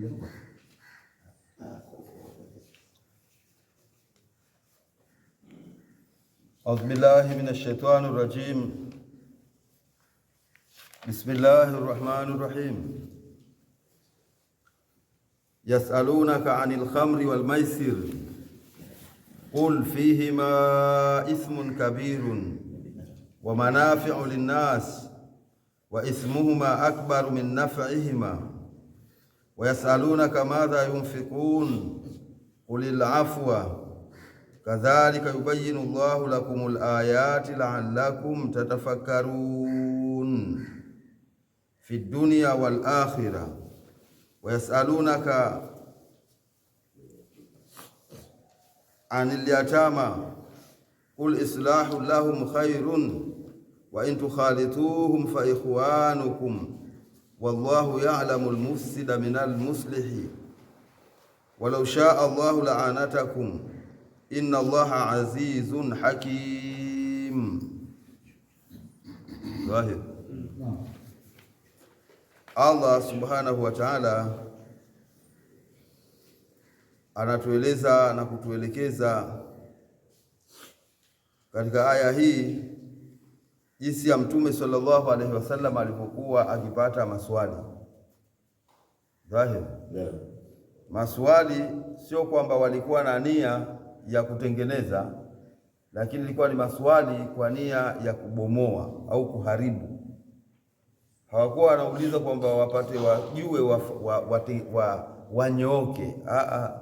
أعوذ بالله من الشيطان الرجيم بسم الله الرحمن الرحيم يسألونك عن الخمر والميسر قل فيهما إثم كبير ومنافع للناس وإثمهما أكبر من نفعهما ويسألونك ماذا ينفقون قل العفو كذلك يبين الله لكم الآيات لعلكم تتفكرون في الدنيا والآخرة ويسألونك عن اليتامى قل إصلاح لهم خير وإن تخالطوهم فإخوانكم والله يعلم المفسد من المصلح ولو شاء الله لعانتكم إن الله عزيز حكيم ظاهر الله سبحانه وتعالى ta'ala anatueleza na kutuelekeza katika aya hii jinsi ya Mtume sallallahu alaihi wasallam alipokuwa akipata maswali dhahiri yeah. Maswali sio kwamba walikuwa na nia ya kutengeneza, lakini ilikuwa ni maswali kwa nia ya kubomoa au kuharibu. Hawakuwa wanauliza kwamba wapate wajue wanyooke wa, wa, wa, wa, wa,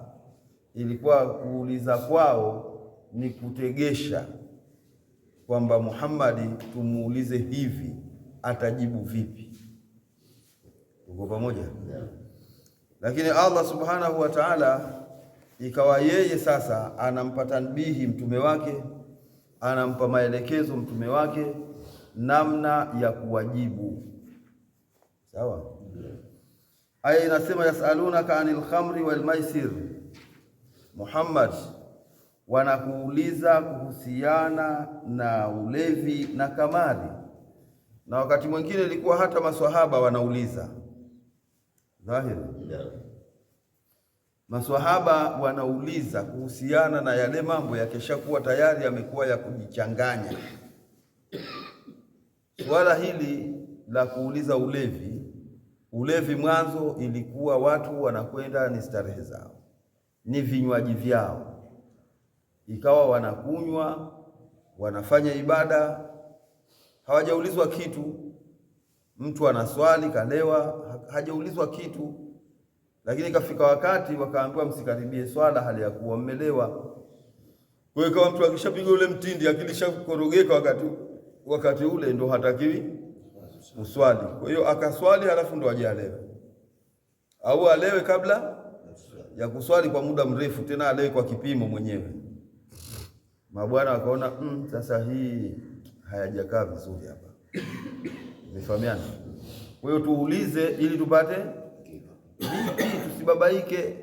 ilikuwa kuuliza kwao ni kutegesha kwamba Muhammadi tumuulize hivi, atajibu vipi? Uko pamoja yeah. Lakini Allah subhanahu wa taala ikawa yeye sasa anampa tanbihi mtume wake, anampa maelekezo mtume wake namna ya kuwajibu. Sawa, yeah. Aya inasema yasalunaka anil khamri wal maisir Muhammad wanakuuliza kuhusiana na ulevi na kamari, na wakati mwingine ilikuwa hata maswahaba wanauliza dhahiri yeah. Maswahaba wanauliza kuhusiana na yale mambo yakishakuwa tayari yamekuwa ya kujichanganya. Swala hili la kuuliza ulevi, ulevi mwanzo ilikuwa watu wanakwenda ni starehe zao, ni vinywaji vyao ikawa wanakunywa, wanafanya ibada, hawajaulizwa kitu. Mtu anaswali kalewa, hajaulizwa kitu, lakini ikafika wakati wakaambiwa msikaribie swala hali ya kuwa mmelewa. Kwa hiyo mtu akishapigwa ule mtindi, akilishakorogeka wakati wakati ule ndo hatakiwi uswali. Kwa hiyo akaswali, halafu ndo ajalewe au alewe kabla ya kuswali kwa muda mrefu, tena alewe kwa kipimo mwenyewe mabwana wakaona mm, sasa hii hayajakaa vizuri hapa. Umefahamiana? Kwa hiyo tuulize ili tupate tusibabaike.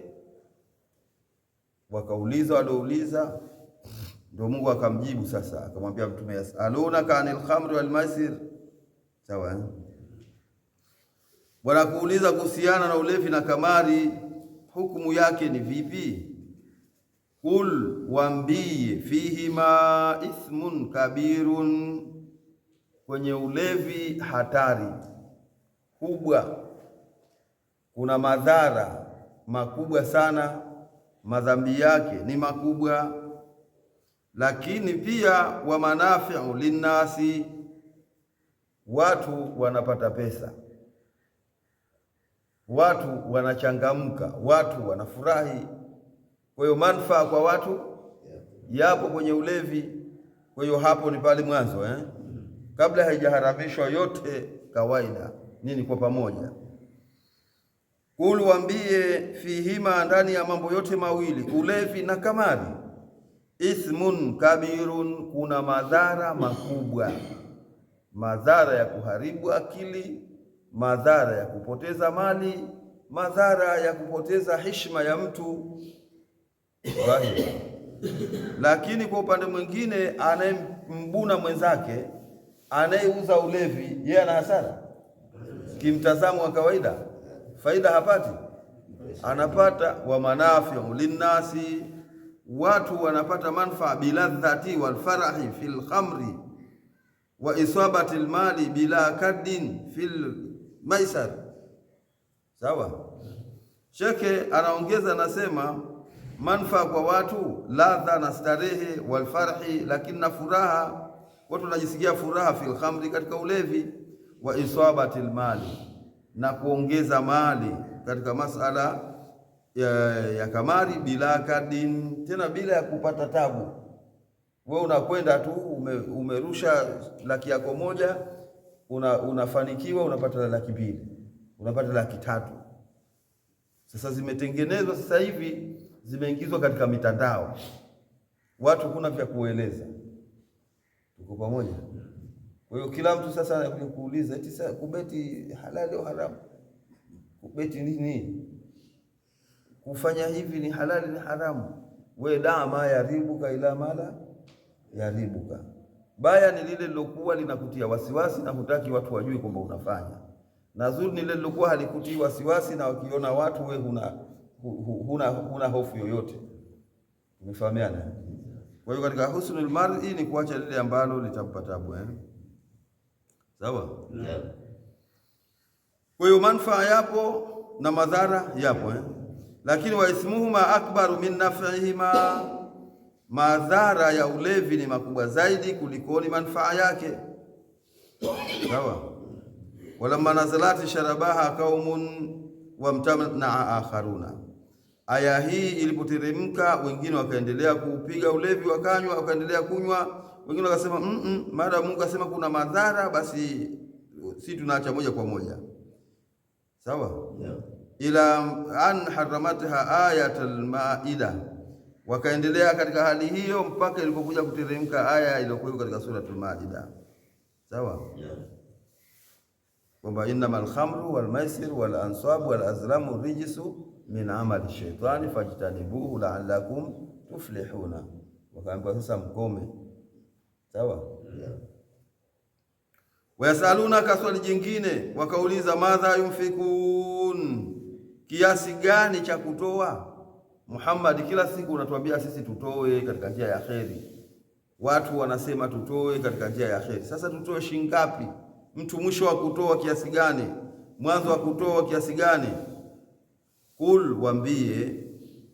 Wakauliza waliouliza, ndio Mungu akamjibu sasa, akamwambia Mtume, yasalunaka anil khamri wal maisir. Sawa, eh? wanakuuliza kuhusiana na ulevi na kamari, hukumu yake ni vipi? Kul wambie, fihima ithmun kabirun, kwenye ulevi hatari kubwa, kuna madhara makubwa sana, madhambi yake ni makubwa, lakini pia wa manafiu linnasi, watu wanapata pesa, watu wanachangamka, watu wanafurahi kwa hiyo manufaa kwa watu yapo kwenye ulevi. Kwa hiyo hapo ni pale mwanzo eh? kabla haijaharamishwa yote kawaida nini kwa pamoja. Kul, fihima, ndani ya mambo yote mawili ulevi na kamari, ithmun kabirun, kuna madhara makubwa, madhara ya kuharibu akili, madhara ya kupoteza mali, madhara ya kupoteza heshima ya mtu Ibrahim. Lakini kwa upande mwingine anayembuna mwenzake, anayeuza ulevi, yeye ana hasara kimtazamo wa kawaida, faida hapati, anapata wa manafiu linnasi, watu wanapata manfaa biladhati walfarahi fil khamri wa isabati lmali bila kadin fil maisar. Sawa, sheke anaongeza, anasema manfaa kwa watu, ladha na starehe, walfarhi, lakini na furaha. Watu wanajisikia furaha, fil khamri, katika ulevi, wa isabati lmali, na kuongeza mali katika masala ya, ya kamari, bila kadin, tena bila ya kupata tabu. We unakwenda tu ume, umerusha laki yako moja, una, unafanikiwa unapata laki mbili unapata laki tatu. Sasa zimetengenezwa sasa hivi zimeingizwa katika mitandao, watu kuna vya kueleza. Tuko pamoja? Kwa hiyo kila mtu sasa anakuja kuuliza eti sasa kubeti halali au haramu, kubeti nini, kufanya hivi ni halali ni haramu? We da ma yaribuka ila mala yaribuka, baya ni lile lilokuwa linakutia wasiwasi na hutaki watu wajue kwamba unafanya, na zuri ni lile lilokuwa halikutii wasiwasi na wakiona watu we huna huna, huna hofu yoyote. Umefahamiana? Kwa hiyo katika husnul mar'i ni kuacha lile ambalo litampa taabu eh? Sawa? Yeah. Kwa hiyo manufaa yapo na madhara yapo eh? Lakini wa akbaru min naf'ihima, madhara ya ulevi ni makubwa zaidi kulikoni manfaa yake. Sawa? walamma nazalati sharabaha qaumun wamtanaa akharuna Aya hii ilipoteremka, wengine wakaendelea kupiga ulevi, wakanywa, wakaendelea kunywa. Wengine wakasema mm -mm, mara Mungu asema kuna madhara, basi si tunaacha moja kwa moja, sawa yeah. ila an haramatha ayatul maida, wakaendelea katika hali hiyo mpaka ilipokuja kuteremka aya iliyokuwa katika suratul maida, sawa yeah kwamba innamal khamru wal maisir wal ansabu wal azlamu rijsu min amali shaitani fajtanibuhu laallakum tuflihuna. Wakaambiwa sasa mkome, sawa yeah. Wayasalunaka, swali jingine wakauliza, madha yunfikun, kiasi gani cha kutoa? Muhammad, kila siku unatuambia sisi tutoe katika njia ya kheri, watu wanasema tutoe katika njia ya kheri. Sasa tutoe shingapi? Mtu mwisho wa kutoa kiasi gani? Mwanzo wa kutoa kiasi gani? Kul, wambie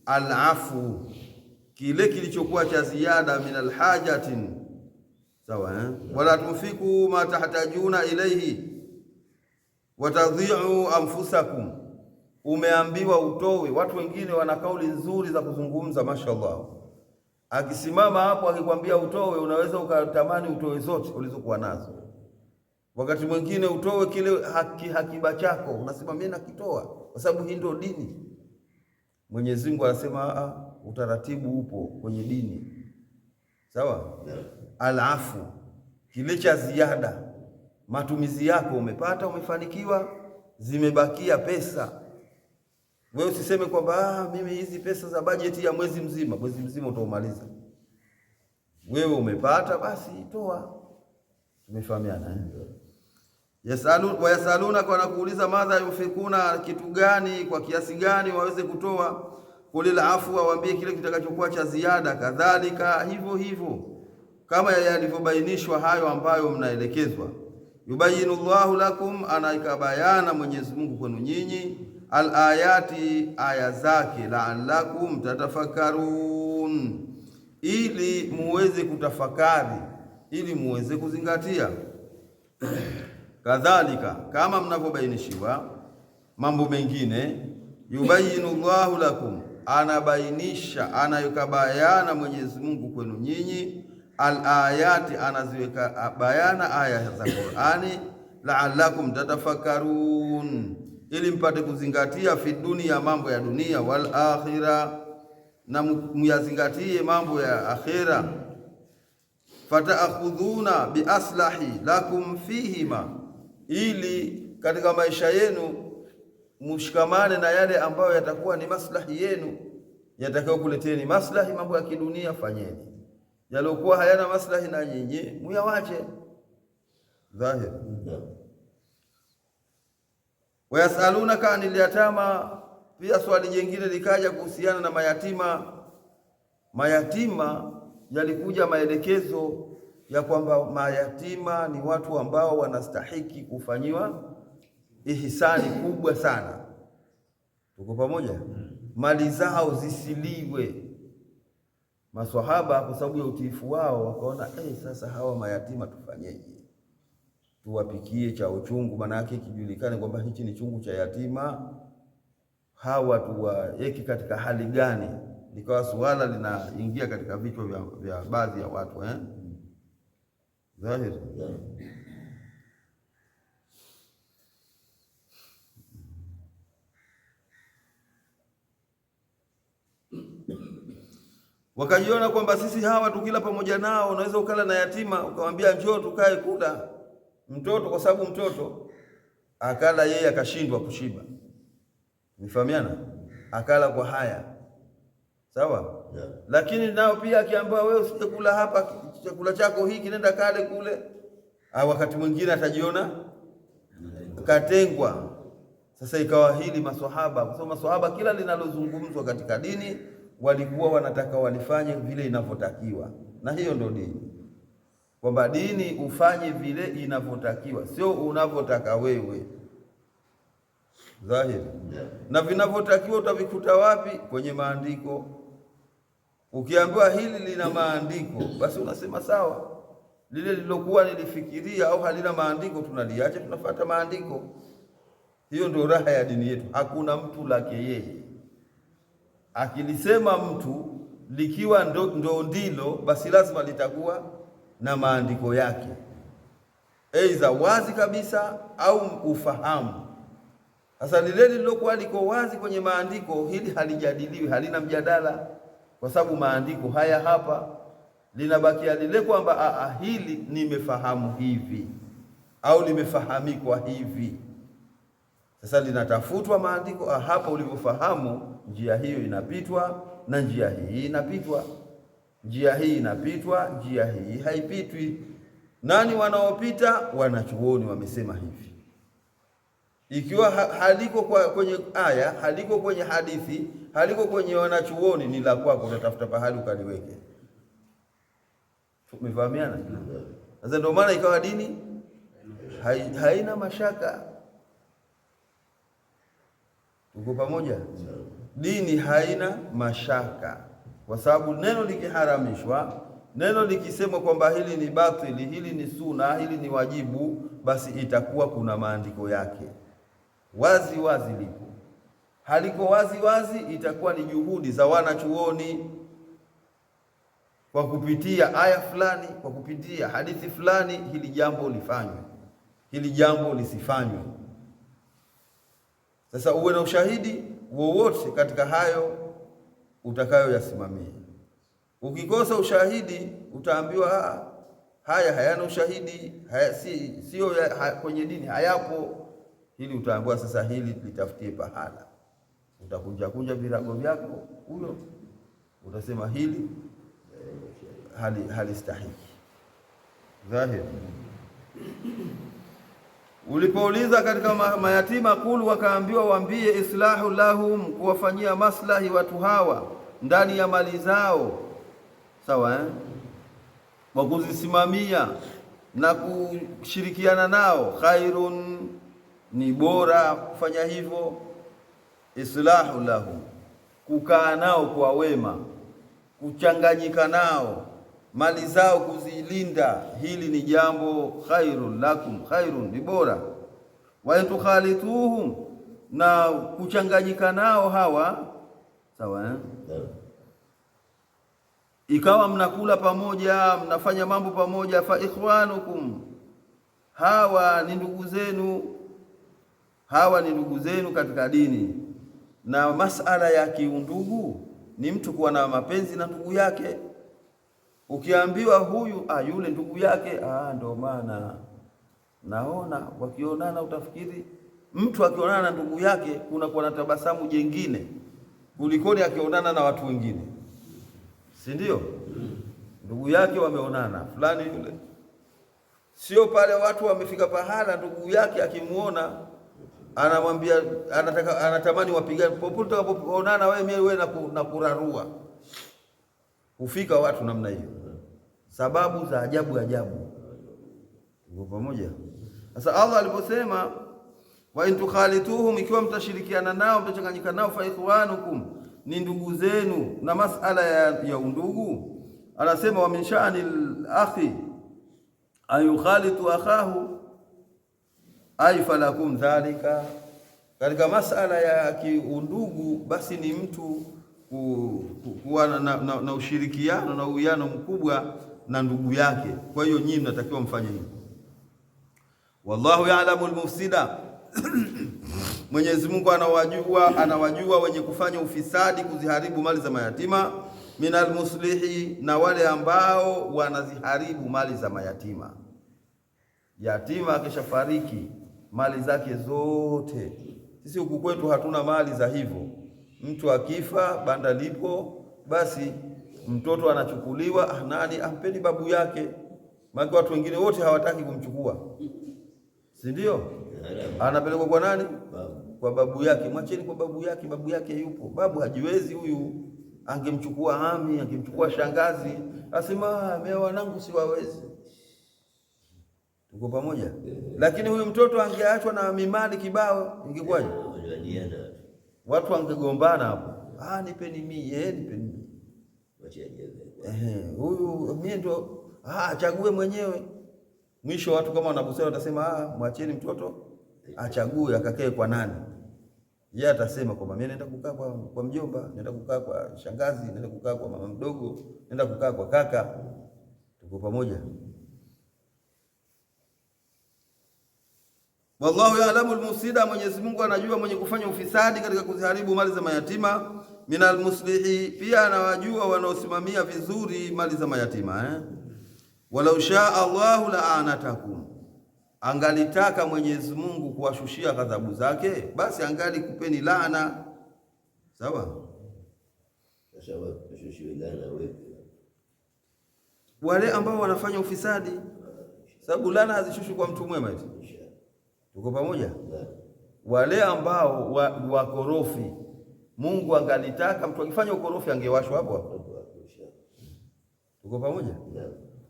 alafu, kile kilichokuwa cha ziada min alhajatin, sawa eh? wala tufiku ma tahtajuna ilayhi watadhiu anfusakum. Umeambiwa utowe. Watu wengine wana kauli nzuri za kuzungumza, mashallah. Akisimama hapo akikwambia utowe, unaweza ukatamani utowe zote ulizokuwa nazo. Wakati mwingine utowe kile haki hakiba chako, unasema mimi nakitoa kwa sababu hii ndio dini. Mwenyezi Mungu anasema ah, ah, utaratibu upo kwenye dini, sawa. Alafu kile cha ziada, matumizi yako umepata, umefanikiwa, zimebakia pesa, wewe usiseme kwamba ah, mimi hizi pesa za bajeti ya mwezi mzima, mwezi mzima utaumaliza wewe. Umepata basi, toa. Tumefahamiana eh? Yasalu, wayasalunaka wanakuuliza, madha yunfikuna, kitu gani, kwa kiasi gani waweze kutoa. Kulil afu, awaambie kile kitakachokuwa cha ziada. Kadhalika hivyo hivyo, kama yalivyobainishwa hayo ambayo mnaelekezwa. Yubayinu llahu lakum, anaikabayana Mwenyezi Mungu kwenu nyinyi, alayati, aya zake, laalakum tatafakkarun, ili muweze kutafakari, ili muweze kuzingatia kadhalika kama mnavyobainishiwa mambo mengine, yubayinu llahu lakum, anabainisha anayokabayana Mwenyezi Mungu kwenu nyinyi, alayati, anaziweka bayana aya za Qur'ani, la'allakum tatafakkarun, ili mpate kuzingatia fi dunia, mambo ya dunia, wal akhira, na muyazingatie mambo ya akhira, fataakhudhuna biaslahi lakum fihima ili katika maisha yenu mshikamane na yale ambayo yatakuwa ni maslahi yenu, kuleteni maslahi. Mambo ya kidunia fanyeni, yaliokuwa hayana maslahi na nyinyi muyawache. Dhahir wayasalunaka anil yatama. Pia swali jingine likaja kuhusiana na mayatima. Mayatima yalikuja maelekezo ya kwamba mayatima ni watu ambao wanastahiki kufanyiwa ihisani kubwa sana. Tuko pamoja, hmm. mali zao zisiliwe. Maswahaba kwa sababu ya utiifu wao wakaona, hey, eh, sasa hawa mayatima tufanyeje? Tuwapikie cha uchungu, yake kijulikane kwamba hichi ni chungu cha yatima. Hawa tuwaeki katika hali gani? Likawa suala linaingia katika vichwa vya, vya baadhi ya watu eh? Dhahiri wakajiona kwamba sisi hawa tukila pamoja nao, unaweza ukala na yatima ukamwambia njoo tukae kula mtoto, kwa sababu mtoto akala yeye akashindwa kushiba. Umefahamiana? Akala kwa haya sawa, yeah. Lakini nao pia akiambiwa wewe usije kula hapa chakula chako hiki, nenda kale kule. Au wakati mwingine atajiona katengwa. Sasa ikawa hili maswahaba, kwa sababu maswahaba kila linalozungumzwa katika dini walikuwa wanataka walifanye vile inavyotakiwa, na hiyo ndio dini, kwamba dini ufanye vile inavyotakiwa, sio unavyotaka wewe dhahiri. Yeah. Na vinavyotakiwa utavikuta wapi? Kwenye maandiko Ukiambiwa hili lina maandiko, basi unasema sawa, lile lilokuwa nilifikiria au halina maandiko tunaliacha, tunafuata maandiko. Hiyo ndio raha ya dini yetu, hakuna mtu lake yeye. Akilisema mtu likiwa ndo, ndo ndilo, basi lazima litakuwa na maandiko yake, aidha wazi kabisa au ufahamu. Sasa lile lililokuwa liko wazi kwenye maandiko, hili halijadiliwi, halina mjadala kwa sababu maandiko haya hapa linabakia lile kwamba a ah, ah, hili nimefahamu hivi au limefahamikwa hivi. Sasa linatafutwa maandiko, ah, hapa ulivyofahamu, njia hiyo inapitwa na njia hii inapitwa, njia hii inapitwa, njia hii haipitwi. Nani wanaopita? Wanachuoni wamesema hivi ikiwa haliko kwa kwenye aya, haliko kwenye hadithi, haliko kwenye wanachuoni, ni la kwako, utatafuta pahali ukaliweke. Tumefahamiana? Sasa ndio maana ikawa dini hai, haina mashaka. Tuko pamoja? Dini haina mashaka, kwa sababu neno likiharamishwa, neno likisemwa kwamba hili ni batili, hili ni suna, hili ni wajibu, basi itakuwa kuna maandiko yake wazi wazi lipo, haliko wazi wazi itakuwa ni juhudi za wanachuoni kwa kupitia aya fulani, kwa kupitia hadithi fulani, hili jambo lifanywe, hili jambo lisifanywe. Sasa uwe na ushahidi wowote katika hayo utakayoyasimamia. Ukikosa ushahidi, utaambiwa ah, haya hayana ushahidi, haya, si, siyo ya, ha, kwenye dini hayapo hili utaambiwa sasa, hili litafutie pahala, utakunja kunja virago vyako, huyo utasema hili eh, hali halistahiki dhahir. Ulipouliza katika ma mayatima, kulu, wakaambiwa waambie, islahu lahum, kuwafanyia maslahi watu hawa ndani ya mali zao, sawa eh? kwa kuzisimamia na kushirikiana nao, khairun ni bora kufanya hivyo, islahu lahu, kukaa nao kwa wema, kuchanganyika nao, mali zao kuzilinda, hili ni jambo khairun lakum, khairun ni bora. Wa tukhalituhum, na kuchanganyika nao hawa, sawa eh? Ikawa mnakula pamoja, mnafanya mambo pamoja, fa ikhwanukum, hawa ni ndugu zenu hawa ni ndugu zenu katika dini. Na masala ya kiundugu ni mtu kuwa na mapenzi na ndugu yake. Ukiambiwa huyu ah, yule ndugu yake ah, ndio maana naona wakionana, utafikiri mtu akionana na ndugu yake kuna kuwa na tabasamu jengine kulikoni akionana na watu wengine, si ndio? Ndugu yake wameonana fulani yule, sio pale watu wamefika pahala ndugu yake akimuona anamwambia anataka anatamani wapigane popote waonana wewe mimi wewe na kurarua hufika watu namna hiyo, sababu za ajabu ajabu. Uko pamoja? Sasa Allah aliposema wa in tukhalituhum, ikiwa mtashirikiana nao mtachanganyika nao, fa ikhwanukum, ni ndugu zenu. Na masala ya, ya undugu anasema wa min sha'ani al-akhi ayukhalitu akhahu ai falakum dhalika, katika masala ya kiundugu, basi ni mtu kuwa na, na, na ushirikiano na uwiano mkubwa na ndugu yake. Kwa hiyo nyinyi mnatakiwa mfanye hivyo. Wallahu ya'lamu al-mufsida Mwenyezi Mungu anawajua, anawajua wenye kufanya ufisadi, kuziharibu mali za mayatima, minal muslihi, na wale ambao wanaziharibu mali za mayatima. Yatima akishafariki mali zake zote. Sisi huku kwetu hatuna mali za hivyo. Mtu akifa banda lipo, basi mtoto anachukuliwa, ah, nani ampeni ah, babu yake, maana watu wengine wote hawataki kumchukua, si ndio? Anapelekwa kwa nani? Kwa babu yake. Mwacheni kwa babu yake, babu yake yupo. Babu hajiwezi huyu, angemchukua ami, angemchukua shangazi, asema ah, mea wanangu siwawezi Tuko pamoja? Eh. Lakini huyu mtoto angeachwa na mimali kibao ingekwaje? Eh, watu wangegombana hapo. Ah, nipeni mimi, eh, nipeni mimi. Eh, huyu mimi ndo ah, achague mwenyewe. Mwisho watu kama wanakusema watasema ah, mwacheni mtoto eh. achague akakae kwa nani? Yeye atasema kwamba mimi naenda kukaa kwa, kwa mjomba, naenda kukaa kwa shangazi, naenda kukaa kwa mama mdogo, naenda kukaa kwa kaka. Tuko pamoja? Wallahu yaalamu almufsida, Mwenyezi Mungu anajua mwenye kufanya ufisadi katika kuziharibu mali za mayatima. Minal muslihi, pia anawajua wanaosimamia vizuri mali za mayatima eh? Walau shaa Allahu la anatakum, angalitaka Mwenyezi Mungu kuwashushia ghadhabu zake, basi angali kupeni laana. Sawa, wale ambao wanafanya ufisadi, sababu laana hazishushi kwa mtu mwema hivi Uko pamoja? Wale ambao wakorofi wa Mungu angalitaka mtu akifanya ukorofi angewashwa hapo hapo. Uko pamoja?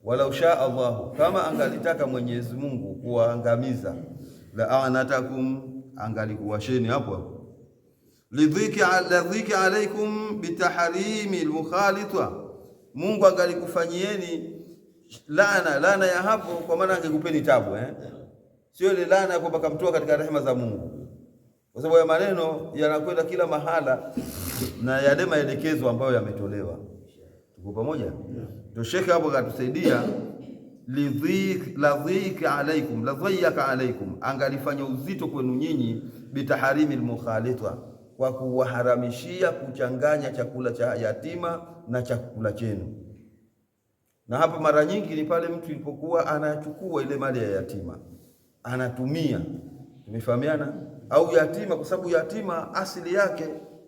Walau shaa Allah, kama angalitaka Mwenyezi Mungu kuwaangamiza, la anatakum, angalikuwasheni hapo hapo lidhiki alaikum bitaharimi lmukhalita, Mungu angalikufanyieni laana laana ya hapo, kwa maana angekupeni tabu eh? sio ile laana kwamba kamtoa katika rehema za Mungu, kwa sababu ya maneno yanakwenda kila mahala na yale maelekezo ambayo yametolewa. Tuko pamoja? Ndio shekhe hapo katusaidia ladhika alaikum ladhayaka alaikum, angalifanya uzito kwenu nyinyi, bitaharimi lmukhalita, kwa kuwaharamishia kuchanganya chakula cha yatima na chakula chenu. Na hapa mara nyingi ni pale mtu ilipokuwa anachukua ile mali ya yatima anatumia, tumefahamiana. Au yatima, kwa sababu yatima asili yake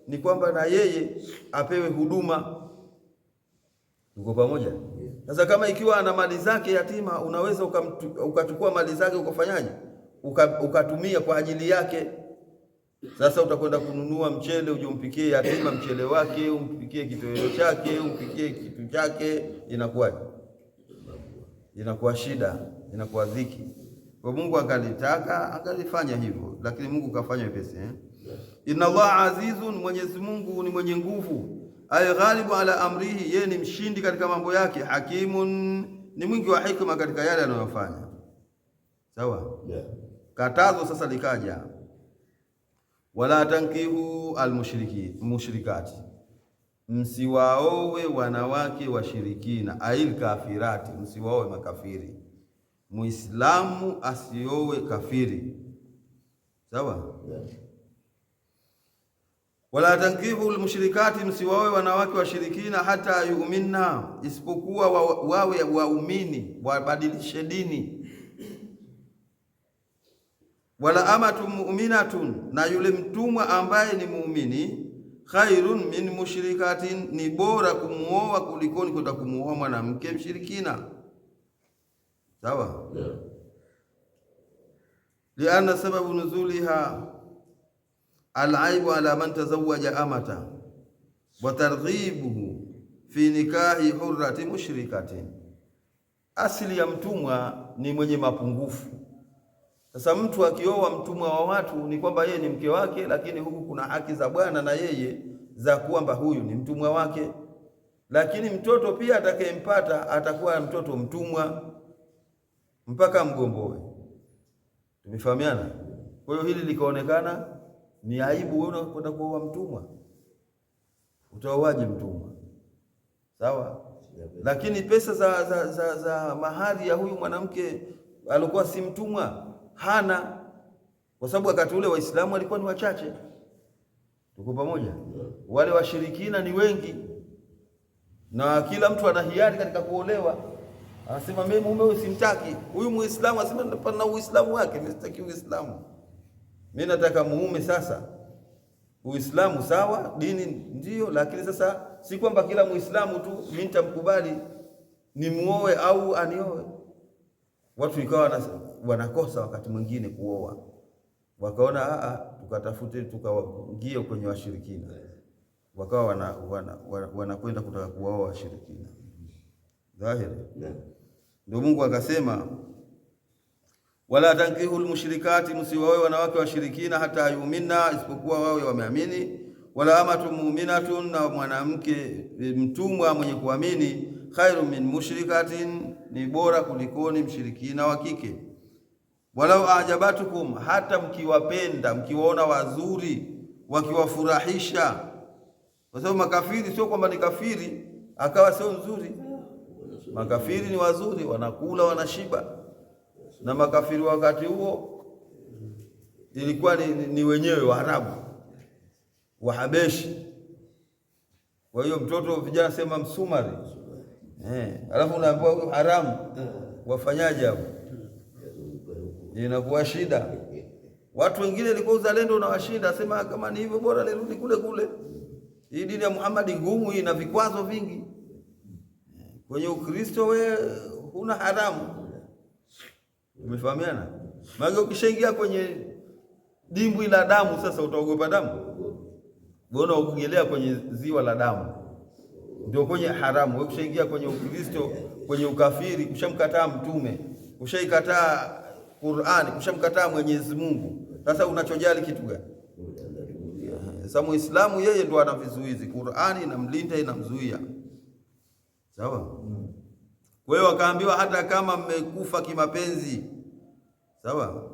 ni kwamba na yeye apewe huduma. Uko pamoja? Sasa kama ikiwa ana mali zake yatima, unaweza ukachukua mali zake ukafanyaje, ukatumia kwa ajili yake. Sasa utakwenda kununua mchele uje umpikie yatima mchele wake, umpikie kitoweo chake, umpikie kitu chake, inakuwa inakuwa shida, inakuwa dhiki. Kwa Mungu akalitaka angalifanya hivyo, lakini Mungu kafanya wepesi eh? Inna Allah azizun, Mwenyezi Mungu ni mwenye nguvu. Ay ghalibu ala amrihi, yeye ni mshindi katika mambo yake. Hakimun, ni mwingi wa hikma katika yale anayofanya. Sawa, yeah. Katazo sasa likaja, wala tankihu almushriki mushrikati, msiwaowe wanawake washirikina, ail kafirati, msiwaowe makafiri Muislamu asiowe kafiri, sawa yeah. Wala tankihu lmushrikati, msiwawe wanawake washirikina, hata yuminna, isipokuwa wawe waumini, wabadilishe dini. Wala amatu muminatun, na yule mtumwa ambaye ni muumini khairun min mushrikatin, ni bora kumuoa kulikoni kwenda kumuoa mwanamke mshirikina sawa yeah. lianna sababu nuzuliha alaibu ala man tazawaja amata wa targhibuhu fi nikahi hurrati mushrikatin, asili ya mtumwa ni mwenye mapungufu. Sasa mtu akioa mtumwa wa watu ni kwamba yeye ni mke wake, lakini huku kuna haki za bwana na yeye za kwamba huyu ni mtumwa wake, lakini mtoto pia atakayempata atakuwa mtoto mtumwa mpaka mgomboe. Tumefahamiana? Kwa hiyo hili likaonekana ni aibu, wewe unakwenda kuoa mtumwa, utaoaje mtumwa? Sawa, lakini pesa za, za, za, za mahari ya huyu mwanamke alikuwa si mtumwa hana, kwa sababu wakati ule Waislamu walikuwa ni wachache. Tuko pamoja? Wale washirikina ni wengi na kila mtu ana hiari katika kuolewa. Anasema mimi mume huyu simtaki. Huyu Muislamu anasema pana Uislamu wake, mimi sitaki Uislamu. Mimi nataka muume sasa. Uislamu sawa, dini ndio, lakini sasa si kwamba kila Muislamu tu mimi nitamkubali nimuoe au anioe. Watu ikawa wanakosa wakati mwingine kuoa. Wakaona a ah, ah, tukatafute tukaingia kwenye washirikina. Wakawa wanakwenda wana, wana, wana kutaka kuoa washirikina. Dhahiri. Ndio Mungu akasema wala tankihu lmushrikati, msiwaoe wanawake washirikina hata yuminna, isipokuwa wawe wameamini. Wala amatu muminatun, na mwanamke mtumwa mwenye kuamini, khairu min mushrikatin, ni bora kulikoni mshirikina wa kike. Walau ajabatukum, hata mkiwapenda, mkiwaona wazuri, wakiwafurahisha. Kwa sababu makafiri sio kwamba ni kafiri akawa sio mzuri Makafiri ni wazuri, wanakula wanashiba, na makafiri wakati huo ilikuwa ni, ni wenyewe Waarabu Wahabeshi. Kwa hiyo mtoto vijana sema Msumari eh, alafu unaambiwa huyu haramu, wafanyaje hapo? Inakuwa shida. Watu wengine ilikuwa uzalendo unawashinda, sema kama ni hivyo bora nirudi kule kule. Hii dini ya Muhammad ngumu, ina vikwazo vingi. Kwenye Ukristo we huna haramu, umefahamiana? Maana ukishaingia kwenye dimbwi la damu, sasa utaogopa damu. Bona ukigelea kwenye ziwa la damu, ndio kwenye haramu. We ukishaingia kwenye Ukristo, kwenye ukafiri, ushamkataa Mtume, ushaikataa Qur'ani, ushamkataa Mwenyezi Mungu. Sasa unachojali kitu gani? Sasa Muislamu yeye ndo ana vizuizi, Qur'ani inamlinda inamzuia Sawa? Kwa hiyo wakaambiwa hata kama mmekufa kimapenzi. Sawa?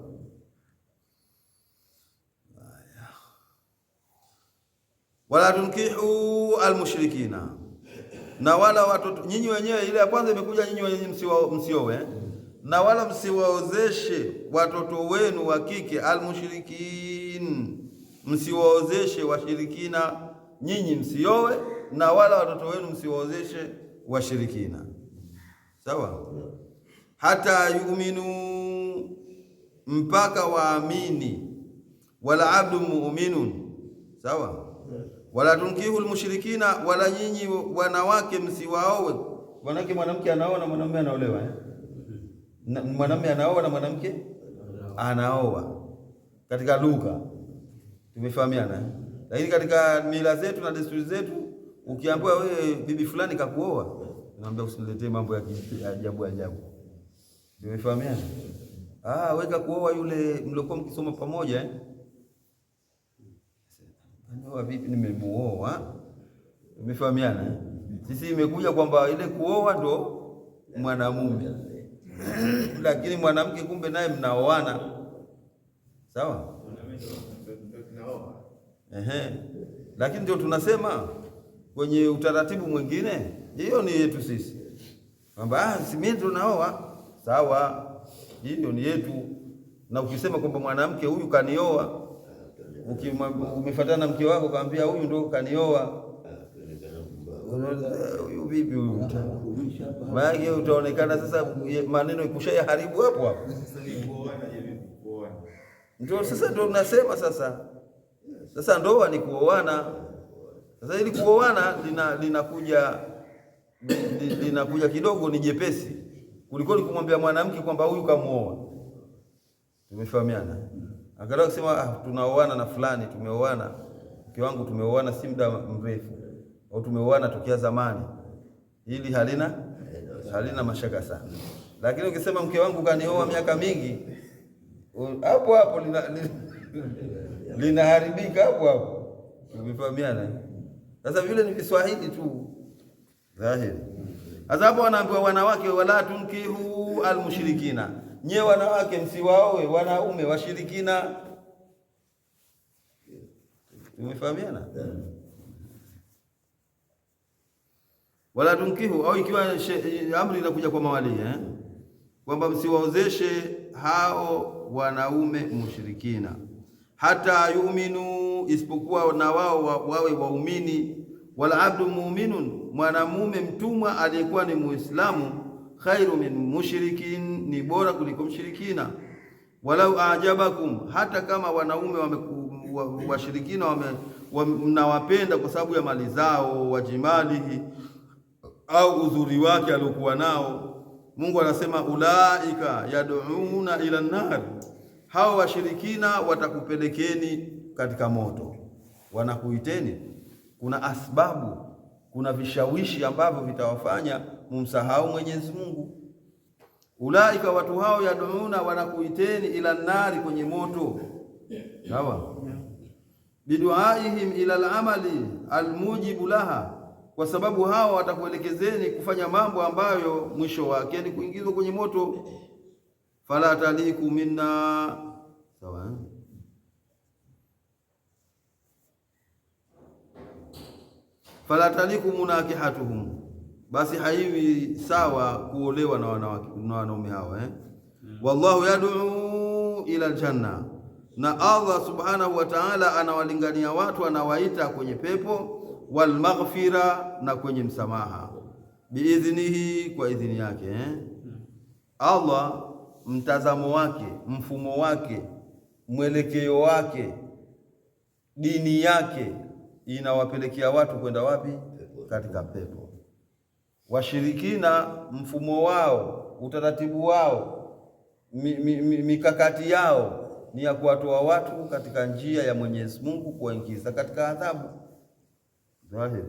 Wala tunkihu almushrikina, na wala watoto nyinyi wenyewe. Ile ya kwanza imekuja nyinyi wenyewe, msiowe na wala msiwaozeshe watoto wenu wa kike, almushrikin, msiwaozeshe washirikina. Nyinyi msiowe na wala watoto wenu msiwaozeshe washirikina sawa, hata yu'minu, mpaka waamini. Wala abdu mu'minun sawa, wala tunkihu almushrikina, wala nyinyi wanawake msiwaowe. Wanawake, mwanamke anaoa na mwanamume anaolewa eh? Mwanamume anaoa na mwanamke anaoa katika lugha tumefahamiana, eh? lakini katika mila zetu na desturi zetu Ukiambiwa wewe bibi fulani kakuoa, naambia usiniletee mambo ya ajabu ajabu. Tumefahamiana? Ah, wewe kakuoa yule mlokuwa mkisoma pamoja eh? Nioa vipi? Nimemuoa. Nimefahamiana? Eh? Sisi imekuja kwamba ile kuoa ndo mwanamume lakini mwanamke kumbe naye mnaoana, sawa? Ehe, lakini ndio tunasema kwenye utaratibu mwingine, hiyo ni yetu sisi, kwamba ah, si mimi ndo naoa. Sawa, hiyo ni yetu. Na ukisema kwamba mwanamke huyu kanioa, umefuatana na mke wako kaambia huyu ndo kanioa, eh, huyu vipi huyu? Maana utaonekana sasa maneno ikushaya haribu hapo hapo. Ndio sasa ndio nasema sasa, sasa ndoa ni kuoana sasa ili kuoana linakuja lina linakuja kidogo ni jepesi kuliko ni kumwambia mwanamke kwamba huyu kamuoa. Tumefahamiana. Angalau kusema ah, tunaoana na fulani, tumeoana mke wangu, tumeoana si muda mrefu, au tumeoana tukia zamani, hili halina halina mashaka sana. Lakini ukisema mke wangu kanioa miaka mingi, hapo hapo linaharibika, lina lina hapo hapo. Tumefahamiana. Sasa vile ni Kiswahili tu dhahiri. Sasa wanaambiwa wanawake, wala tunkihu almushrikina, nyewe wanawake msiwaoe wanaume washirikina. Umefahamiana? wala tunkihu au ikiwa amri inakuja kwa mawali eh, kwamba msiwaozeshe hao wanaume mushirikina hata yuminu isipokuwa na wao wawe waumini. Wala abdu muminun, mwanamume mtumwa aliyekuwa ni Muislamu, khairu min mushrikin, ni bora kuliko mshirikina. Walau ajabakum, hata kama wanaume washirikina wa, wa mnawapenda kwa sababu ya mali zao, wajimalihi au uzuri wake aliokuwa nao. Mungu anasema ulaika yaduuna ila nnar, hao washirikina watakupelekeni katika moto, wanakuiteni. Kuna asbabu, kuna vishawishi ambavyo vitawafanya mumsahau Mwenyezi Mungu. Ulaika, watu hao, yaduuna, wanakuiteni ila nari, kwenye moto sawa biduaihim ila al almujibu laha, kwa sababu hao watakuelekezeni kufanya mambo ambayo mwisho wake ni kuingizwa kwenye moto. fala taliku minna fala taliku munakihatuhum, basi haiwi sawa kuolewa na wanawake na wanaume hao eh? Hmm. Wallahu yad'u ila aljanna, na Allah subhanahu wa ta'ala anawalingania watu, anawaita kwenye pepo walmaghfira, na kwenye msamaha biidhnihi, kwa idhini yake eh? Hmm. Allah mtazamo wake, mfumo wake, mwelekeo wake, dini yake inawapelekea watu kwenda wapi? Katika pepo. Washirikina mfumo wao, utaratibu wao, mikakati mi, mi yao ni ya kuwatoa watu katika njia ya Mwenyezi Mungu, kuwaingiza katika adhabu dhahiri.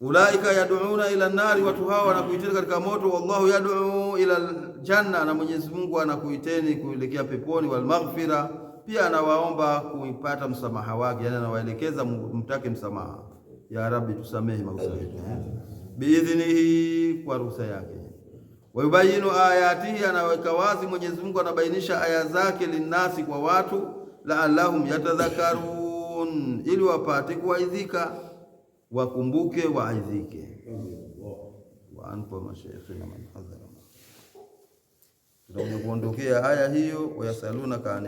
Ulaika yaduuna ila nari, watu hawa wanakuiteni katika moto. Wallahu yaduu ila janna, na Mwenyezi Mungu anakuiteni kuelekea peponi. Wal maghfira pia anawaomba kuipata msamaha wake, yani anawaelekeza mtake msamaha, ya Rabbi tusamehe makosa yetu eh? biidhnihi, kwa ruhusa yake. Wayubayinu ayatihi, anaweka wazi Mwenyezi Mungu anabainisha aya zake, linasi, kwa watu, laalahum yatadhakarun, ili wapate kuwaidhika, wakumbuke, waidhike Tutakuja kuondokea aya hiyo, wayasaluna